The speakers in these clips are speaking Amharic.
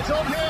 is on here.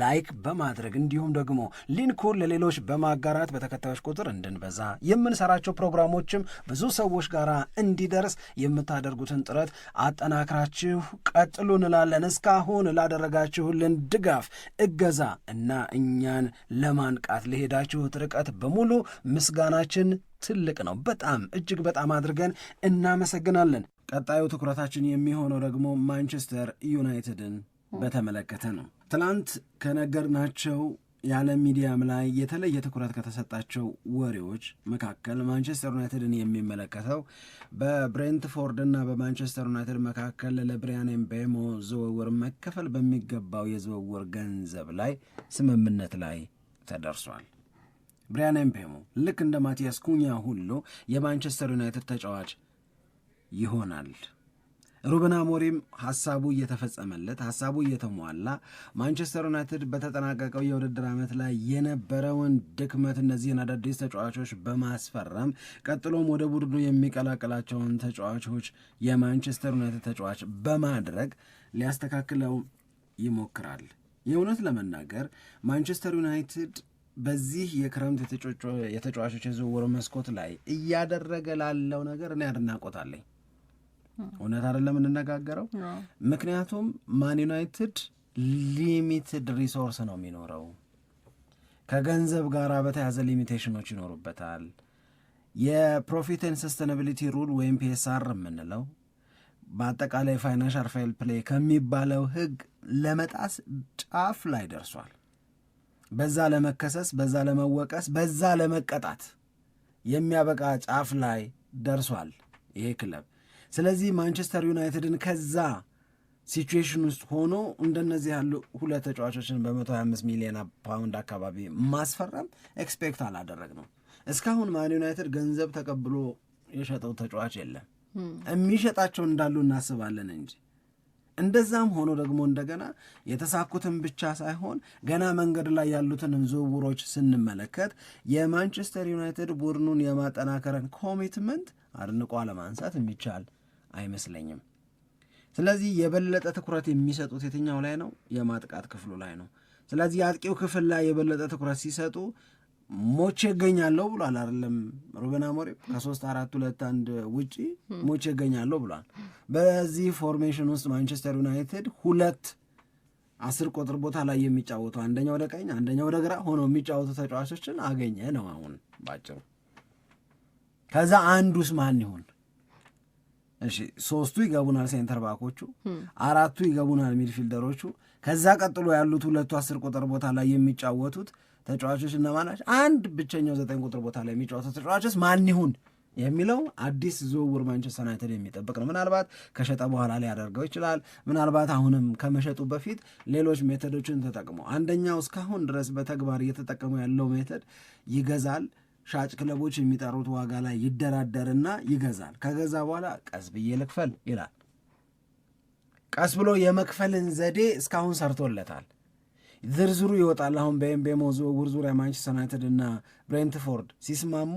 ላይክ በማድረግ እንዲሁም ደግሞ ሊንኩን ለሌሎች በማጋራት በተከታዮች ቁጥር እንድንበዛ የምንሰራቸው ፕሮግራሞችም ብዙ ሰዎች ጋር እንዲደርስ የምታደርጉትን ጥረት አጠናክራችሁ ቀጥሉ እንላለን። እስካሁን ላደረጋችሁልን ድጋፍ፣ እገዛ እና እኛን ለማንቃት ለሄዳችሁት ርቀት በሙሉ ምስጋናችን ትልቅ ነው። በጣም እጅግ በጣም አድርገን እናመሰግናለን። ቀጣዩ ትኩረታችን የሚሆነው ደግሞ ማንቸስተር ዩናይትድን በተመለከተ ነው። ትላንት ከነገርናቸው የዓለም ሚዲያም ላይ የተለየ ትኩረት ከተሰጣቸው ወሬዎች መካከል ማንቸስተር ዩናይትድን የሚመለከተው በብሬንትፎርድና በማንቸስተር ዩናይትድ መካከል ለብሪያን ኤምቤሞ ዝውውር መከፈል በሚገባው የዝውውር ገንዘብ ላይ ስምምነት ላይ ተደርሷል። ብሪያን ኤምቤሞ ልክ እንደ ማቲያስ ኩኛ ሁሉ የማንቸስተር ዩናይትድ ተጫዋች ይሆናል። ሩበን አሞሪም ሀሳቡ እየተፈጸመለት ሀሳቡ እየተሟላ ማንቸስተር ዩናይትድ በተጠናቀቀው የውድድር ዓመት ላይ የነበረውን ድክመት እነዚህን አዳዲስ ተጫዋቾች በማስፈረም ቀጥሎም ወደ ቡድኑ የሚቀላቀላቸውን ተጫዋቾች የማንቸስተር ዩናይትድ ተጫዋች በማድረግ ሊያስተካክለው ይሞክራል። የእውነት ለመናገር ማንቸስተር ዩናይትድ በዚህ የክረምት የተጫዋቾች የዝውውር መስኮት ላይ እያደረገ ላለው ነገር እኔ አድናቆታለኝ። እውነት አደለ የምንነጋገረው። ምክንያቱም ማን ዩናይትድ ሊሚትድ ሪሶርስ ነው የሚኖረው። ከገንዘብ ጋር በተያዘ ሊሚቴሽኖች ይኖሩበታል። የፕሮፊትን ኤንድ ሰስተናቢሊቲ ሩል ወይም ፒኤስአር የምንለው በአጠቃላይ ፋይናንሻል ፌር ፕሌይ ከሚባለው ህግ ለመጣስ ጫፍ ላይ ደርሷል። በዛ ለመከሰስ፣ በዛ ለመወቀስ፣ በዛ ለመቀጣት የሚያበቃ ጫፍ ላይ ደርሷል ይሄ ክለብ። ስለዚህ ማንቸስተር ዩናይትድን ከዛ ሲትዌሽን ውስጥ ሆኖ እንደነዚህ ያሉ ሁለት ተጫዋቾችን በ125 ሚሊዮን ፓውንድ አካባቢ ማስፈረም ኤክስፔክት አላደረግ ነው። እስካሁን ማን ዩናይትድ ገንዘብ ተቀብሎ የሸጠው ተጫዋች የለም። hmm. የሚሸጣቸው እንዳሉ እናስባለን እንጂ እንደዛም ሆኖ ደግሞ እንደገና የተሳኩትን ብቻ ሳይሆን ገና መንገድ ላይ ያሉትን ዝውውሮች ስንመለከት የማንቸስተር ዩናይትድ ቡድኑን የማጠናከረን ኮሚትመንት አድንቆ ለማንሳት የሚቻል አይመስለኝም። ስለዚህ የበለጠ ትኩረት የሚሰጡት የትኛው ላይ ነው? የማጥቃት ክፍሉ ላይ ነው። ስለዚህ የአጥቂው ክፍል ላይ የበለጠ ትኩረት ሲሰጡ ሞቼ እገኛለሁ ብሏል። አይደለም ሩበን አሞሪም ከሶስት አራት ሁለት አንድ ውጪ ሞቼ እገኛለሁ ብሏል። በዚህ ፎርሜሽን ውስጥ ማንቸስተር ዩናይትድ ሁለት አስር ቁጥር ቦታ ላይ የሚጫወቱ አንደኛ ወደ ቀኝ አንደኛ ወደ ግራ ሆነው የሚጫወቱ ተጫዋቾችን አገኘ ነው አሁን ባጭሩ። ከዛ አንዱስ ማን ይሆን? እሺ ሶስቱ ይገቡናል ሴንተር ባኮቹ፣ አራቱ ይገቡናል ሚድፊልደሮቹ። ከዛ ቀጥሎ ያሉት ሁለቱ አስር ቁጥር ቦታ ላይ የሚጫወቱት ተጫዋቾች እነማን ናቸው? አንድ ብቸኛው ዘጠኝ ቁጥር ቦታ ላይ የሚጫወቱት ተጫዋቾች ማን ይሁን የሚለው አዲስ ዝውውር ማንቸስተር ዩናይትድ የሚጠብቅ ነው። ምናልባት ከሸጠ በኋላ ሊያደርገው ይችላል። ምናልባት አሁንም ከመሸጡ በፊት ሌሎች ሜተዶችን ተጠቅሞ አንደኛው እስካሁን ድረስ በተግባር እየተጠቀመው ያለው ሜተድ ይገዛል ሻጭ ክለቦች የሚጠሩት ዋጋ ላይ ይደራደርና ይገዛል። ከገዛ በኋላ ቀስ ብዬ ልክፈል ይላል። ቀስ ብሎ የመክፈልን ዘዴ እስካሁን ሰርቶለታል። ዝርዝሩ ይወጣል። አሁን በኤምቤሞ ዝውውር ዙሪያ ማንቸስተር ዩናይትድ እና ብሬንትፎርድ ሲስማሙ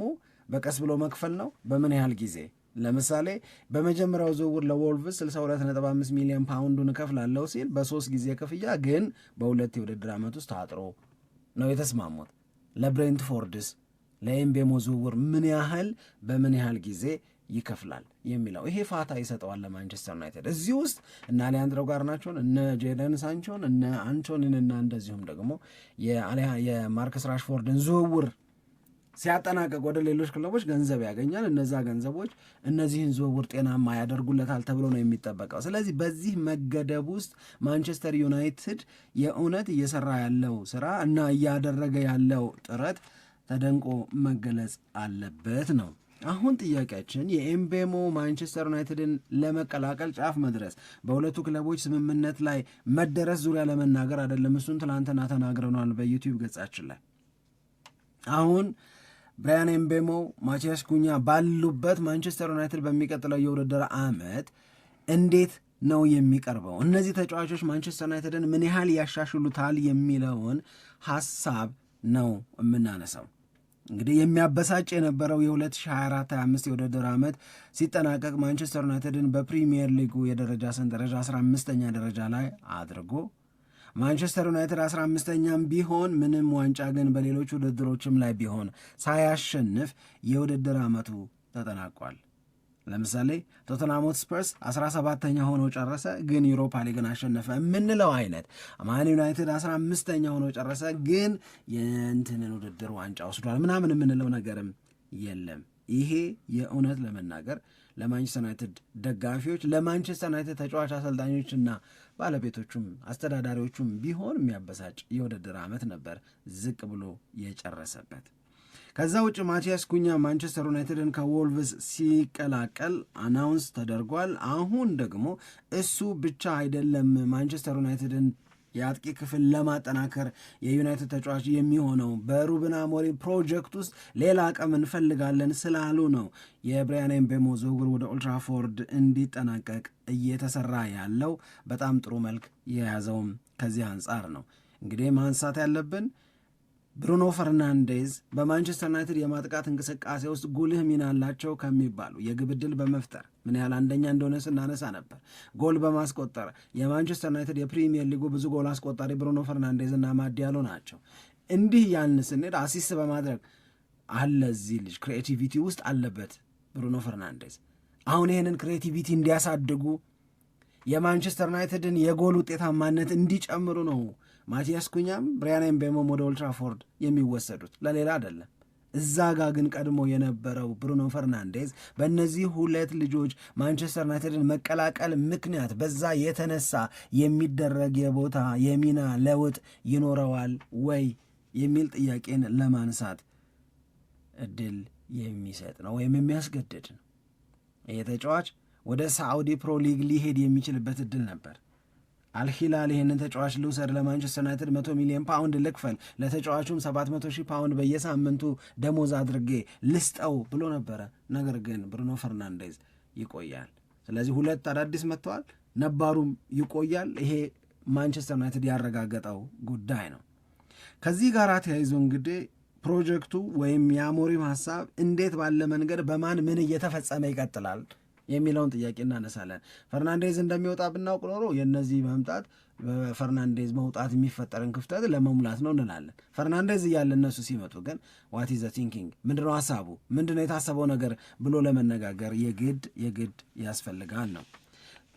በቀስ ብሎ መክፈል ነው። በምን ያህል ጊዜ? ለምሳሌ በመጀመሪያው ዝውውር ለወልቭስ 62.5 ሚሊዮን ፓውንዱን እከፍላለሁ ሲል በሶስት ጊዜ ክፍያ ግን በሁለት የውድድር ዓመት ውስጥ ታጥሮ ነው የተስማሙት። ለብሬንትፎርድስ ለኤምቤሞ ዝውውር ምን ያህል በምን ያህል ጊዜ ይከፍላል የሚለው ይሄ ፋታ ይሰጠዋል ለማንቸስተር ዩናይትድ። እዚህ ውስጥ እነ አሊያንድሮ ጋርናቾን እነ ጄደን ሳንቾን እነ አንቾኒን እና እንደዚሁም ደግሞ የማርከስ ራሽፎርድን ዝውውር ሲያጠናቀቅ ወደ ሌሎች ክለቦች ገንዘብ ያገኛል። እነዛ ገንዘቦች እነዚህን ዝውውር ጤናማ ያደርጉለታል ተብሎ ነው የሚጠበቀው። ስለዚህ በዚህ መገደብ ውስጥ ማንቸስተር ዩናይትድ የእውነት እየሰራ ያለው ስራ እና እያደረገ ያለው ጥረት ተደንቆ መገለጽ አለበት ነው። አሁን ጥያቄያችን የኤምቤሞ ማንቸስተር ዩናይትድን ለመቀላቀል ጫፍ መድረስ በሁለቱ ክለቦች ስምምነት ላይ መደረስ ዙሪያ ለመናገር አይደለም። እሱን ትናንትና ተናግረናል በዩቲዩብ ገጻችን ላይ። አሁን ብራያን ኤምቤሞ፣ ማቲያስ ኩኛ ባሉበት ማንቸስተር ዩናይትድ በሚቀጥለው የውድድር ዓመት እንዴት ነው የሚቀርበው? እነዚህ ተጫዋቾች ማንቸስተር ዩናይትድን ምን ያህል ያሻሽሉታል የሚለውን ሀሳብ ነው የምናነሳው። እንግዲህ የሚያበሳጭ የነበረው የ2024/25 የውድድር ዓመት ሲጠናቀቅ ማንቸስተር ዩናይትድን በፕሪሚየር ሊጉ የደረጃ ሰንጠረዥ 15ኛ ደረጃ ላይ አድርጎ ማንቸስተር ዩናይትድ 15ኛም ቢሆን ምንም ዋንጫ ግን በሌሎች ውድድሮችም ላይ ቢሆን ሳያሸንፍ የውድድር ዓመቱ ተጠናቋል። ለምሳሌ ቶተናሞት ስፐርስ 17ተኛ ሆኖ ጨረሰ፣ ግን ዩሮፓ ሊግን አሸነፈ የምንለው አይነት ማን ዩናይትድ 15ተኛ ሆኖ ጨረሰ፣ ግን የእንትንን ውድድር ዋንጫ ወስዷል ምናምን የምንለው ነገርም የለም። ይሄ የእውነት ለመናገር ለማንቸስተር ዩናይትድ ደጋፊዎች፣ ለማንቸስተር ዩናይትድ ተጫዋች አሰልጣኞችና ባለቤቶቹም አስተዳዳሪዎቹም ቢሆን የሚያበሳጭ የውድድር ዓመት ነበር ዝቅ ብሎ የጨረሰበት። ከዛ ውጭ ማቲያስ ኩኛ ማንቸስተር ዩናይትድን ከዎልቭስ ሲቀላቀል አናውንስ ተደርጓል። አሁን ደግሞ እሱ ብቻ አይደለም ማንቸስተር ዩናይትድን የአጥቂ ክፍል ለማጠናከር የዩናይትድ ተጫዋች የሚሆነው በሩበን አሞሪም ፕሮጀክት ውስጥ ሌላ አቅም እንፈልጋለን ስላሉ ነው የብሪያን ኤምቤሞ ዝውውር ወደ ኦልትራፎርድ እንዲጠናቀቅ እየተሰራ ያለው። በጣም ጥሩ መልክ የያዘውም ከዚህ አንጻር ነው እንግዲህ ማንሳት ያለብን ብሩኖ ፈርናንዴዝ በማንቸስተር ዩናይትድ የማጥቃት እንቅስቃሴ ውስጥ ጉልህ ሚና አላቸው ከሚባሉ የግብ ዕድል በመፍጠር ምን ያህል አንደኛ እንደሆነ ስናነሳ ነበር። ጎል በማስቆጠር የማንቸስተር ዩናይትድ የፕሪሚየር ሊጉ ብዙ ጎል አስቆጣሪ ብሩኖ ፈርናንዴዝ እና ማዲያሎ ናቸው። እንዲህ ያን ስንል አሲስ በማድረግ አለ እዚህ ልጅ ክሬቲቪቲ ውስጥ አለበት ብሩኖ ፈርናንዴዝ። አሁን ይህንን ክሬቲቪቲ እንዲያሳድጉ የማንቸስተር ዩናይትድን የጎል ውጤታማነት እንዲጨምሩ ነው ማቲያስ ኩኛም ብሪያን ኤምቤሞም ወደ ኦልትራፎርድ የሚወሰዱት ለሌላ አይደለም። እዛ ጋ ግን ቀድሞ የነበረው ብሩኖ ፈርናንዴዝ በእነዚህ ሁለት ልጆች ማንቸስተር ዩናይትድን መቀላቀል ምክንያት በዛ የተነሳ የሚደረግ የቦታ የሚና ለውጥ ይኖረዋል ወይ የሚል ጥያቄን ለማንሳት እድል የሚሰጥ ነው ወይም የሚያስገድድ ነው። ይህ ተጫዋች ወደ ሳዑዲ ፕሮ ሊግ ሊሄድ የሚችልበት እድል ነበር። አልሂላል ይህንን ተጫዋች ልውሰድ፣ ለማንቸስተር ዩናይትድ መቶ ሚሊዮን ፓውንድ ልክፈል፣ ለተጫዋቹም ሰባት መቶ ሺህ ፓውንድ በየሳምንቱ ደሞዝ አድርጌ ልስጠው ብሎ ነበረ። ነገር ግን ብሩኖ ፈርናንዴዝ ይቆያል። ስለዚህ ሁለት አዳዲስ መጥተዋል፣ ነባሩም ይቆያል። ይሄ ማንቸስተር ዩናይትድ ያረጋገጠው ጉዳይ ነው። ከዚህ ጋር ተያይዞ እንግዲህ ፕሮጀክቱ ወይም የአሞሪም ሀሳብ እንዴት ባለ መንገድ በማን ምን እየተፈጸመ ይቀጥላል የሚለውን ጥያቄ እናነሳለን። ፈርናንዴዝ እንደሚወጣ ብናውቅ ኖሮ የነዚህ መምጣት በፈርናንዴዝ መውጣት የሚፈጠርን ክፍተት ለመሙላት ነው እንላለን። ፈርናንዴዝ እያለ እነሱ ሲመጡ ግን ዋት ዘ ቲንኪንግ ምንድነው ሀሳቡ ምንድነው የታሰበው ነገር ብሎ ለመነጋገር የግድ የግድ ያስፈልጋል ነው።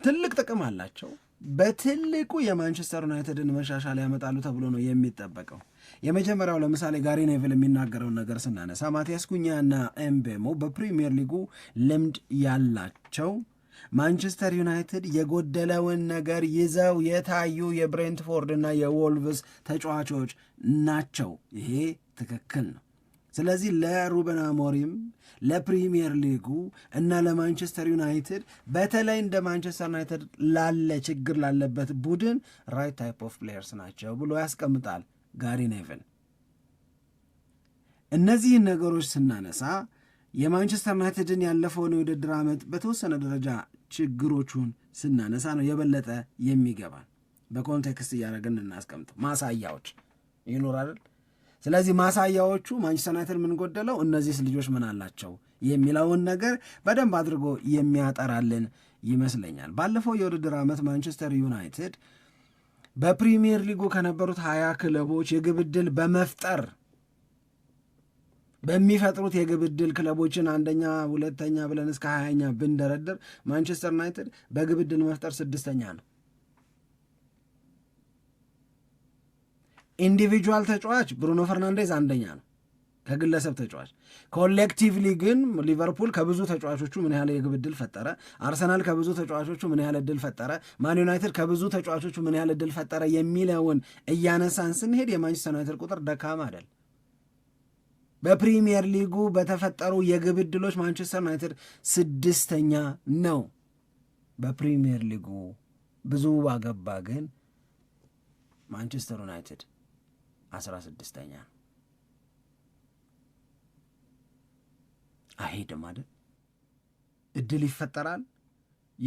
ትልቅ ጥቅም አላቸው። በትልቁ የማንቸስተር ዩናይትድን መሻሻል ያመጣሉ ተብሎ ነው የሚጠበቀው። የመጀመሪያው ለምሳሌ ጋሪ ኔቪል የሚናገረውን ነገር ስናነሳ ማቲያስ ኩኛና ኤምቤሞ በፕሪሚየር ሊጉ ልምድ ያላቸው ማንቸስተር ዩናይትድ የጎደለውን ነገር ይዘው የታዩ የብሬንትፎርድ እና የዎልቭስ ተጫዋቾች ናቸው። ይሄ ትክክል ነው። ስለዚህ ለሩበን አሞሪም ለፕሪሚየር ሊጉ እና ለማንቸስተር ዩናይትድ በተለይ እንደ ማንቸስተር ዩናይትድ ላለ ችግር ላለበት ቡድን ራይት ታይፕ ኦፍ ፕሌየርስ ናቸው ብሎ ያስቀምጣል ጋሪ ኔቨን። እነዚህን ነገሮች ስናነሳ የማንቸስተር ዩናይትድን ያለፈውን የውድድር ዓመት በተወሰነ ደረጃ ችግሮቹን ስናነሳ ነው የበለጠ የሚገባን። በኮንቴክስት እያደረግን እናስቀምጥ። ማሳያዎች ይኖራል። ስለዚህ ማሳያዎቹ ማንቸስተር ዩናይትድ ምን ጎደለው፣ እነዚህ ልጆች ምን አላቸው የሚለውን ነገር በደንብ አድርጎ የሚያጠራልን ይመስለኛል። ባለፈው የውድድር ዓመት ማንቸስተር ዩናይትድ በፕሪሚየር ሊጉ ከነበሩት ሀያ ክለቦች የግብ ዕድል በመፍጠር በሚፈጥሩት የግብ ዕድል ክለቦችን አንደኛ፣ ሁለተኛ ብለን እስከ ሀያኛ ብንደረድር ማንቸስተር ዩናይትድ በግብ ዕድል መፍጠር ስድስተኛ ነው። ኢንዲቪጁዋል ተጫዋች ብሩኖ ፈርናንዴዝ አንደኛ ነው ከግለሰብ ተጫዋች። ኮሌክቲቭሊ ግን ሊቨርፑል ከብዙ ተጫዋቾቹ ምን ያህል የግብ ድል ፈጠረ፣ አርሰናል ከብዙ ተጫዋቾቹ ምን ያህል ድል ፈጠረ፣ ማን ዩናይትድ ከብዙ ተጫዋቾቹ ምን ያህል ድል ፈጠረ የሚለውን እያነሳን ስንሄድ የማንቸስተር ዩናይትድ ቁጥር ደካማ አይደል። በፕሪሚየር ሊጉ በተፈጠሩ የግብ ዕድሎች ማንቸስተር ዩናይትድ ስድስተኛ ነው። በፕሪሚየር ሊጉ ብዙ ባገባ ግን ማንቸስተር ዩናይትድ አስራ ስድስተኛ ነው። አይሄድም አይደል? እድል ይፈጠራል፣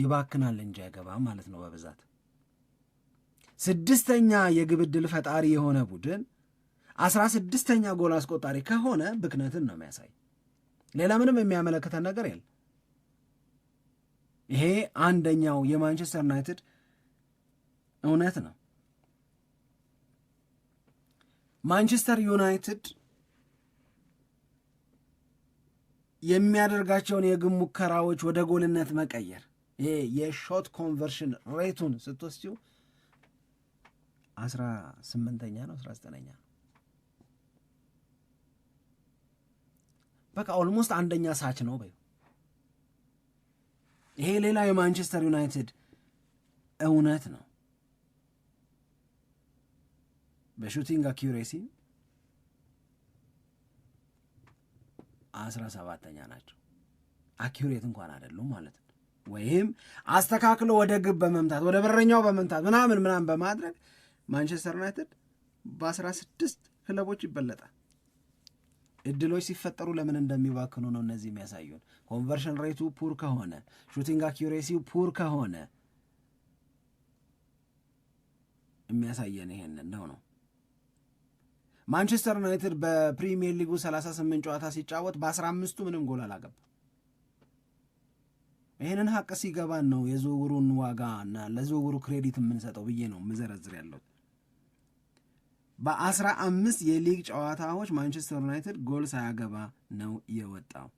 ይባክናል እንጂ አይገባ ማለት ነው በብዛት ስድስተኛ የግብ ዕድል ፈጣሪ የሆነ ቡድን አስራ ስድስተኛ ጎል አስቆጣሪ ከሆነ ብክነትን ነው የሚያሳይ። ሌላ ምንም የሚያመለክተን ነገር የለ ይሄ አንደኛው የማንቸስተር ዩናይትድ እውነት ነው። ማንቸስተር ዩናይትድ የሚያደርጋቸውን የግብ ሙከራዎች ወደ ጎልነት መቀየር ይሄ የሾት ኮንቨርሽን ሬቱን ስትወስጂው አስራ ስምንተኛ ነው አስራ ዘጠነኛ ነው። በቃ ኦልሞስት አንደኛ ሳች ነው በይ። ይሄ ሌላ የማንቸስተር ዩናይትድ እውነት ነው። በሹቲንግ አኪሬሲ አስራ ሰባተኛ ናቸው። አኪሬት እንኳን አይደሉም ማለት ነው። ወይም አስተካክሎ ወደ ግብ በመምታት ወደ በረኛው በመምታት ምናምን ምናምን በማድረግ ማንቸስተር ዩናይትድ በአስራ ስድስት ክለቦች ይበለጣል። እድሎች ሲፈጠሩ ለምን እንደሚባክኑ ነው እነዚህ የሚያሳዩን። ኮንቨርሽን ሬቱ ፑር ከሆነ ሹቲንግ አኪሬሲው ፑር ከሆነ የሚያሳየን ይሄንን ነው ነው ማንቸስተር ዩናይትድ በፕሪሚየር ሊጉ 38 ጨዋታ ሲጫወት በ15ቱ ምንም ጎል አላገባም። ይህንን ሀቅ ሲገባን ነው የዝውውሩን ዋጋ እና ለዝውውሩ ክሬዲት የምንሰጠው ብዬ ነው ምዘረዝር ያለው። በአስራ አምስት የሊግ ጨዋታዎች ማንቸስተር ዩናይትድ ጎል ሳያገባ ነው የወጣው።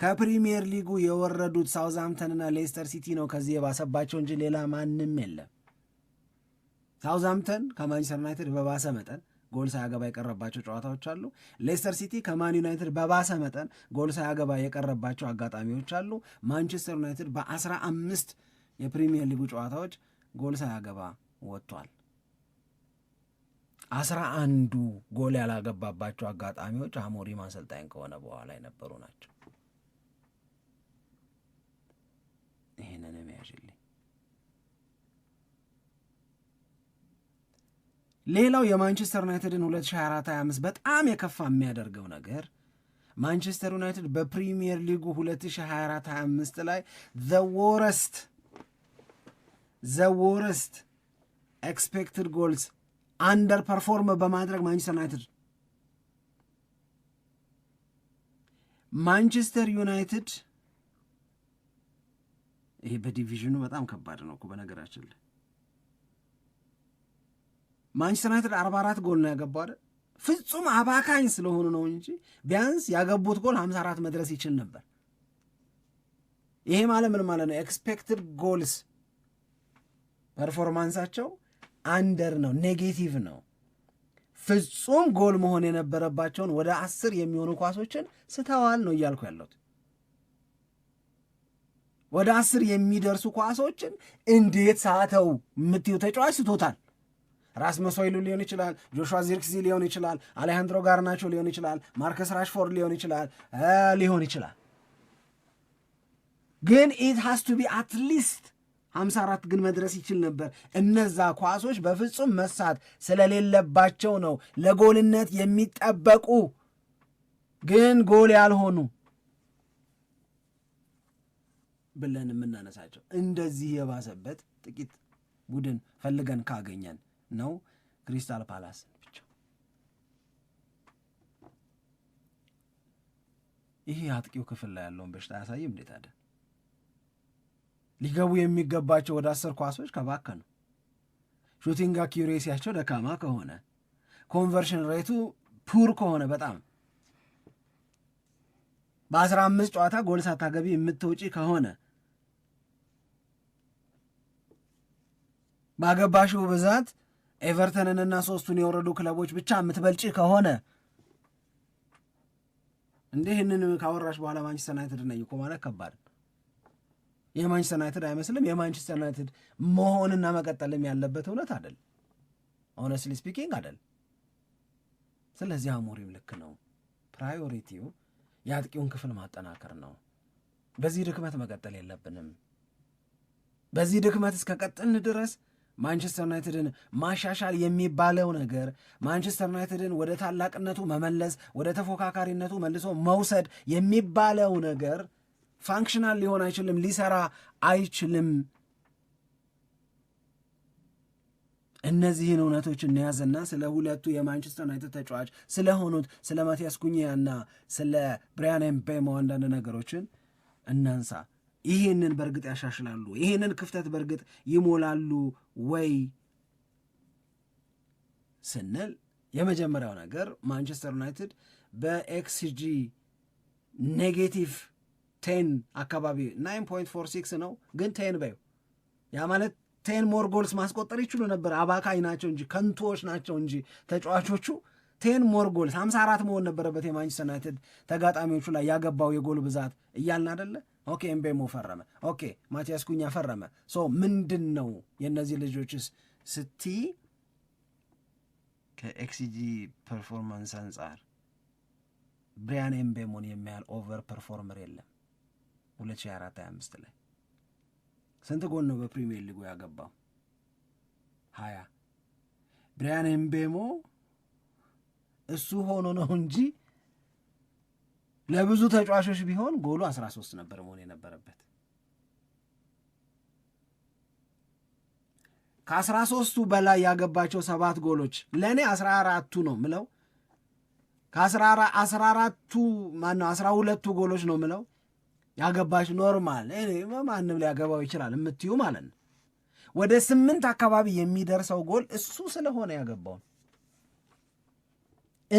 ከፕሪሚየር ሊጉ የወረዱት ሳውዝሃምተንና ሌስተር ሲቲ ነው ከዚህ የባሰባቸው እንጂ ሌላ ማንም የለም። ሳውዝሃምተን ከማንቸስተር ዩናይትድ በባሰ መጠን ጎል ሳያገባ የቀረባቸው ጨዋታዎች አሉ። ሌስተር ሲቲ ከማን ዩናይትድ በባሰ መጠን ጎል ሳያገባ የቀረባቸው አጋጣሚዎች አሉ። ማንቸስተር ዩናይትድ በአስራ አምስት የፕሪሚየር ሊጉ ጨዋታዎች ጎል ሳያገባ ወጥቷል። አስራ አንዱ ጎል ያላገባባቸው አጋጣሚዎች አሞሪም አሰልጣኝ ከሆነ በኋላ የነበሩ ናቸው። ይህንን ያሽልኝ ሌላው የማንቸስተር ዩናይትድን 2024/25 በጣም የከፋ የሚያደርገው ነገር ማንቸስተር ዩናይትድ በፕሪሚየር ሊጉ 2024/25 ላይ ዘ ወረስት ዘ ወረስት ኤክስፔክትድ ጎልስ አንደር ፐርፎርም በማድረግ ማንቸስተር ዩናይትድ ማንቸስተር ዩናይትድ ይሄ በዲቪዥኑ በጣም ከባድ ነው እኮ በነገራችን ላይ ማንቸስተር ዩናይትድ አርባ አራት ጎል ነው ያገባው አይደል? ፍጹም አባካኝ ስለሆኑ ነው እንጂ ቢያንስ ያገቡት ጎል ሀምሳ አራት መድረስ ይችል ነበር። ይሄ ማለት ምን ማለት ነው? ኤክስፔክትድ ጎልስ ፐርፎርማንሳቸው አንደር ነው፣ ኔጌቲቭ ነው። ፍጹም ጎል መሆን የነበረባቸውን ወደ አስር የሚሆኑ ኳሶችን ስተዋል ነው እያልኩ ያለሁት። ወደ አስር የሚደርሱ ኳሶችን እንዴት ሳተው የምትዩ ተጫዋች ስቶታል። ራስ መሶይሉ ሊሆን ይችላል፣ ጆሹዋ ዚርክዚ ሊሆን ይችላል፣ አሌሃንድሮ ጋርናቾ ሊሆን ይችላል፣ ማርከስ ራሽፎርድ ሊሆን ይችላል ሊሆን ይችላል። ግን ኢት ሃስ ቱ ቢ አትሊስት 54 ግን መድረስ ይችል ነበር። እነዛ ኳሶች በፍጹም መሳት ስለሌለባቸው ነው ለጎልነት የሚጠበቁ ግን ጎል ያልሆኑ ብለን የምናነሳቸው። እንደዚህ የባሰበት ጥቂት ቡድን ፈልገን ካገኘን ነው ክሪስታል ፓላስን ብቻ። ይሄ አጥቂው ክፍል ላይ ያለውን በሽታ አያሳይም እንዴ ታዲያ? ሊገቡ የሚገባቸው ወደ አስር ኳሶች ከባከኑ፣ ሹቲንግ አኪሬሲያቸው ደካማ ከሆነ፣ ኮንቨርሽን ሬቱ ፑር ከሆነ በጣም በአስራ አምስት ጨዋታ ጎል ሳታገቢ የምትውጪ ከሆነ ባገባሽው ብዛት ኤቨርተንንና ሶስቱን የወረዱ ክለቦች ብቻ የምትበልጪ ከሆነ እንዴ ይህንን ካወራሽ በኋላ ማንቸስተር ዩናይትድ ነኝ እኮ ማለት ከባድ። የማንቸስተር ዩናይትድ አይመስልም። የማንቸስተር ዩናይትድ መሆንና መቀጠልም ያለበት እውነት አደል፣ ኦነስትሊ ስፒኪንግ አደል። ስለዚህ አሞሪም ልክ ነው። ፕራዮሪቲው የአጥቂውን ክፍል ማጠናከር ነው። በዚህ ድክመት መቀጠል የለብንም። በዚህ ድክመት እስከቀጥን ድረስ ማንቸስተር ዩናይትድን ማሻሻል የሚባለው ነገር ማንቸስተር ዩናይትድን ወደ ታላቅነቱ መመለስ ወደ ተፎካካሪነቱ መልሶ መውሰድ የሚባለው ነገር ፋንክሽናል ሊሆን አይችልም፣ ሊሰራ አይችልም። እነዚህን እውነቶች እንያዝና ስለ ሁለቱ የማንቸስተር ዩናይትድ ተጫዋች ስለሆኑት ስለ ማቲያስ ኩኛና ስለ ብሪያን ኤምቤሞ አንዳንድ ነገሮችን እናንሳ። ይሄንን በእርግጥ ያሻሽላሉ? ይሄንን ክፍተት በእርግጥ ይሞላሉ ወይ ስንል የመጀመሪያው ነገር ማንቸስተር ዩናይትድ በኤክስጂ ኔጌቲቭ ቴን አካባቢ ናይን ፖይንት ፎር ሲክስ ነው፣ ግን ቴን በዩ ያ ማለት ቴን ሞር ጎልስ ማስቆጠር ይችሉ ነበር። አባካይ ናቸው እንጂ ከንቶዎች ናቸው እንጂ ተጫዋቾቹ ቴን ሞር ጎልስ ሀምሳ አራት መሆን ነበረበት የማንቸስተር ዩናይትድ ተጋጣሚዎቹ ላይ ያገባው የጎል ብዛት እያልን አደለን ኦኬ ኤምቤሞ ፈረመ፣ ኦኬ ማቲያስ ኩኛ ፈረመ። ሶ ምንድን ነው የእነዚህ ልጆችስ ስቲ ከኤክስጂ ፐርፎርማንስ አንጻር ብሪያን ኤምቤሞን የሚያህል ኦቨር ፐርፎርመር የለም። 2024/25 ላይ ስንት ጎን ነው በፕሪሚየር ሊጉ ያገባው? ሀያ ብሪያን ኤምቤሞ እሱ ሆኖ ነው እንጂ ለብዙ ተጫዋቾች ቢሆን ጎሉ 13 ነበር መሆን የነበረበት ከአስራ ሶስቱ በላይ ያገባቸው ሰባት ጎሎች ለእኔ አስራ አራቱ ነው ምለው ከ 14 ማነው አስራ ሁለቱ ጎሎች ነው ምለው ያገባች ኖርማል ማንም ሊያገባው ይችላል የምትዩ ማለት ነው። ወደ ስምንት አካባቢ የሚደርሰው ጎል እሱ ስለሆነ ያገባውን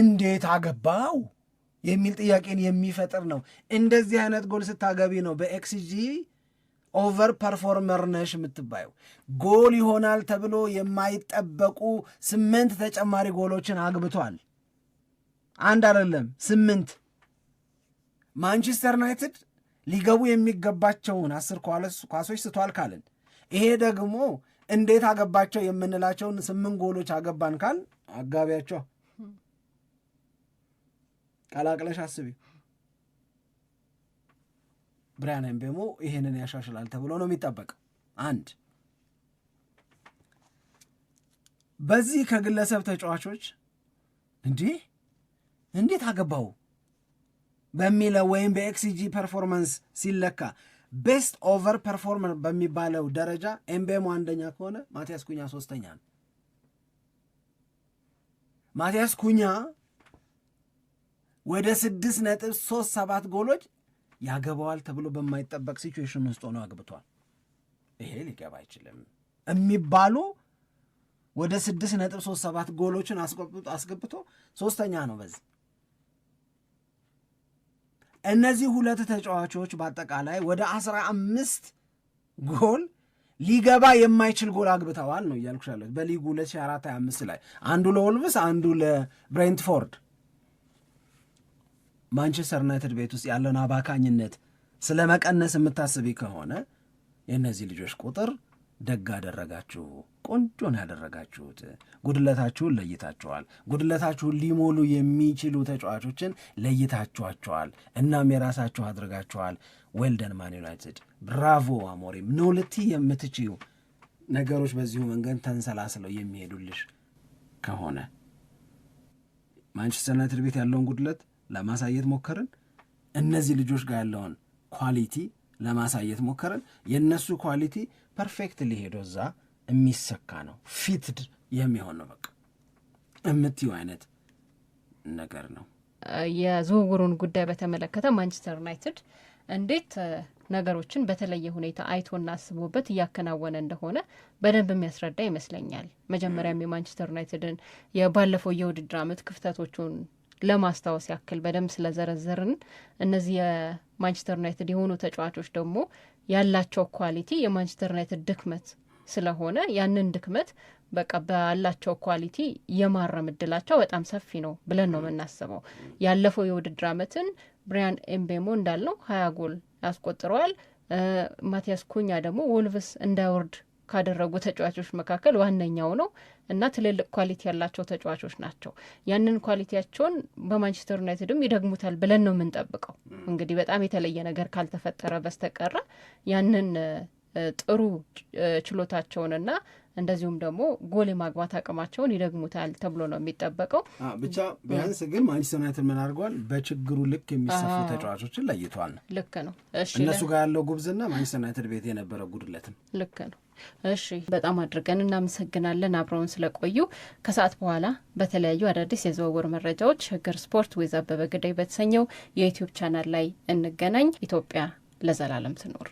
እንዴት አገባው የሚል ጥያቄን የሚፈጥር ነው። እንደዚህ አይነት ጎል ስታገቢ ነው በኤክስጂ ኦቨር ፐርፎርመር ነሽ የምትባየው። ጎል ይሆናል ተብሎ የማይጠበቁ ስምንት ተጨማሪ ጎሎችን አግብቷል። አንድ አይደለም ስምንት። ማንቸስተር ዩናይትድ ሊገቡ የሚገባቸውን አስር ኳሶች ስቷል ካልን ይሄ ደግሞ እንዴት አገባቸው የምንላቸውን ስምንት ጎሎች አገባን ካል አጋቢያቸው ቀላቅለሽ አስቢ። ብራያን ኤምቤሞ ይሄንን ያሻሽላል ተብሎ ነው የሚጠበቀው። አንድ በዚህ ከግለሰብ ተጫዋቾች እንዲህ እንዴት አገባው በሚለው ወይም በኤክስጂ ፐርፎርማንስ ሲለካ ቤስት ኦቨር ፐርፎርመር በሚባለው ደረጃ ኤምቤሞ አንደኛ ከሆነ ማቲያስ ኩኛ ሶስተኛ ነው። ማቲያስ ኩኛ ወደ ስድስት ነጥብ ሶስት ሰባት ጎሎች ያገባዋል ተብሎ በማይጠበቅ ሲቹዌሽን ውስጥ ሆኖ አግብቷል። ይሄ ሊገባ አይችልም የሚባሉ ወደ ስድስት ነጥብ ሶስት ሰባት ጎሎችን አስገብቶ ሶስተኛ ነው። በዚህ እነዚህ ሁለት ተጫዋቾች በአጠቃላይ ወደ አስራ አምስት ጎል ሊገባ የማይችል ጎል አግብተዋል ነው እያልኩሻለሁ። በሊጉ 2425 ላይ አንዱ ለወልቭስ አንዱ ለብሬንትፎርድ ማንቸስተር ዩናይትድ ቤት ውስጥ ያለውን አባካኝነት ስለ መቀነስ የምታስቢ ከሆነ የእነዚህ ልጆች ቁጥር ደግ አደረጋችሁ። ቆንጆ ነው ያደረጋችሁት። ጉድለታችሁን ለይታችኋል። ጉድለታችሁን ሊሞሉ የሚችሉ ተጫዋቾችን ለይታችኋቸዋል። እናም የራሳችሁ አድርጋችኋል። ዌልደን ማን ዩናይትድ፣ ብራቮ አሞሪም። ነውልቲ የምትችዩ ነገሮች በዚሁ መንገድ ተንሰላስለው የሚሄዱልሽ ከሆነ ማንቸስተር ዩናይትድ ቤት ያለውን ጉድለት ለማሳየት ሞከርን። እነዚህ ልጆች ጋር ያለውን ኳሊቲ ለማሳየት ሞከርን። የእነሱ ኳሊቲ ፐርፌክት ሊሄዶ እዛ የሚሰካ ነው፣ ፊትድ የሚሆን ነው። በቃ የምትዩ አይነት ነገር ነው። የዝውውሩን ጉዳይ በተመለከተ ማንቸስተር ዩናይትድ እንዴት ነገሮችን በተለየ ሁኔታ አይቶና አስቦበት እያከናወነ እንደሆነ በደንብ የሚያስረዳ ይመስለኛል። መጀመሪያም የማንቸስተር ዩናይትድን የባለፈው የውድድር አመት ክፍተቶቹን ለማስታወስ ያክል በደንብ ስለዘረዘርን እነዚህ የማንቸስተር ዩናይትድ የሆኑ ተጫዋቾች ደግሞ ያላቸው ኳሊቲ የማንቸስተር ዩናይትድ ድክመት ስለሆነ ያንን ድክመት በቃ ባላቸው ኳሊቲ የማረም እድላቸው በጣም ሰፊ ነው ብለን ነው የምናስበው። ያለፈው የውድድር ዓመትን ብሪያን ኤምቤሞ እንዳልነው ሀያ ጎል ያስቆጥረዋል። ማቲያስ ኩኛ ደግሞ ወልቭስ እንዳይወርድ ካደረጉ ተጫዋቾች መካከል ዋነኛው ነው እና ትልልቅ ኳሊቲ ያላቸው ተጫዋቾች ናቸው። ያንን ኳሊቲያቸውን በማንቸስተር ዩናይትድም ይደግሙታል ብለን ነው የምንጠብቀው። እንግዲህ በጣም የተለየ ነገር ካልተፈጠረ በስተቀረ ያንን ጥሩ ችሎታቸውንና እንደዚሁም ደግሞ ጎል የማግባት አቅማቸውን ይደግሙታል ተብሎ ነው የሚጠበቀው። ብቻ ቢያንስ ግን ማንቸስተር ዩናይትድ ምን በችግሩ ልክ የሚሰፉ ተጫዋቾችን ለይቷል። ልክ ነው። እነሱ ጋር ያለው ጉብዝና ማንቸስተር ዩናይትድ ቤት የነበረ ጉድለትም ልክ ነው። እሺ በጣም አድርገን እናመሰግናለን አብረውን ስለቆዩ። ከሰዓት በኋላ በተለያዩ አዳዲስ የዝውውር መረጃዎች ሸገር ስፖርት ዊዝ አበበ ግዳይ በተሰኘው የዩትዩብ ቻናል ላይ እንገናኝ። ኢትዮጵያ ለዘላለም ትኖር።